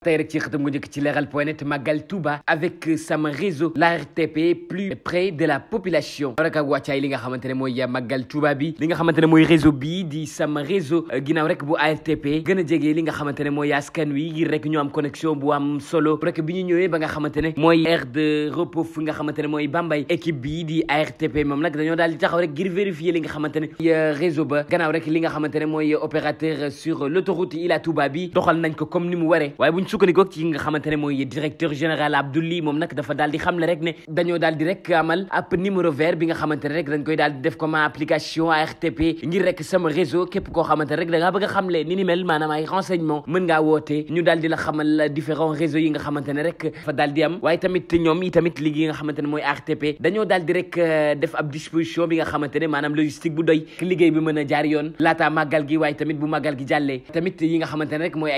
tey rek ci xëtam gu njëkk ci leral point net màggal Touba avec sama réseau l'ARTP plus près de la population rek ak wàccaay li nga xamante ne mooy màggal Touba bi li nga xamante ne mooy réseau bii di sama réseau ginnaaw rek bu ARTP gën a jege li nga xamante ne mooy askan wi ngir rek ñu am connexion bu am solo rek bi ñu ñëwee ba nga xamante ne mooy aire de repos fi nga xamante ne mooy Bambay équipe bii di ARTP moom nag dañoo daal di taxaw rek ngir vérifier li nga xamante ne euh, réseau ba gannaaw rek li nga xamante ne mooy euh, opérateur euh, sur l'autoroute Ila tuba bi doxal nañ ko comme ni mu waree sukkandikoo ci nga xamante ne mooy directeur général Abdoulaye moom nag dafa daal di xamle rek ne dañoo daal rek amal ab numéro nga xamante ne rek dañ koy daal di def comme application ARTP ngir rek sama réseau képp koo xamante rek danga ngaa a xamle ni ni mel maanaam ay renseignement mën ngaa woote ñu daal di la xamal différents réseaux yi nga xamante ne rek fa daal di am waaye tamit ñoom i tamit ligi nga xamante ne mooy ARTP dañoo daal di rek euh, def ab disposition bi nga xamante ne maanaam logistique bu doy liggéey bi mën a jaar yoon laataa màggal gi waaye tamit bu màggal gi jàllee tamit yi nga xamante ne rek mooy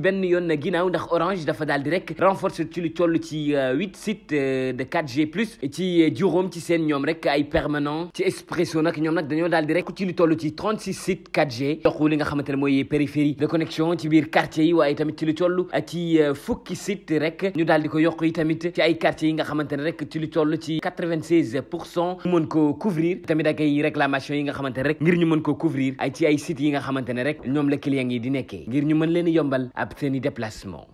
benn yoon na ginnaaw ndax Orange dafa daal di rek renforcer lu toll ci euh, huit sites euh, de 4G plus ci euh, juróom ci seen ñoom rek ay permanent ci Expresso nag ñoom nag dañoo daal di rek lu toll ci 36 sites 4G jox li nga xamante mooy périphérie de connexion ci biir quartier yi waaye tamit ci lu toll ci pour cent tamit ak ay réclamations yi nga xamante ne ngir ñu mën ko couvrir ay ci ay sites yi nga xamante ne ñoom la clients yi di nekkee i déplacement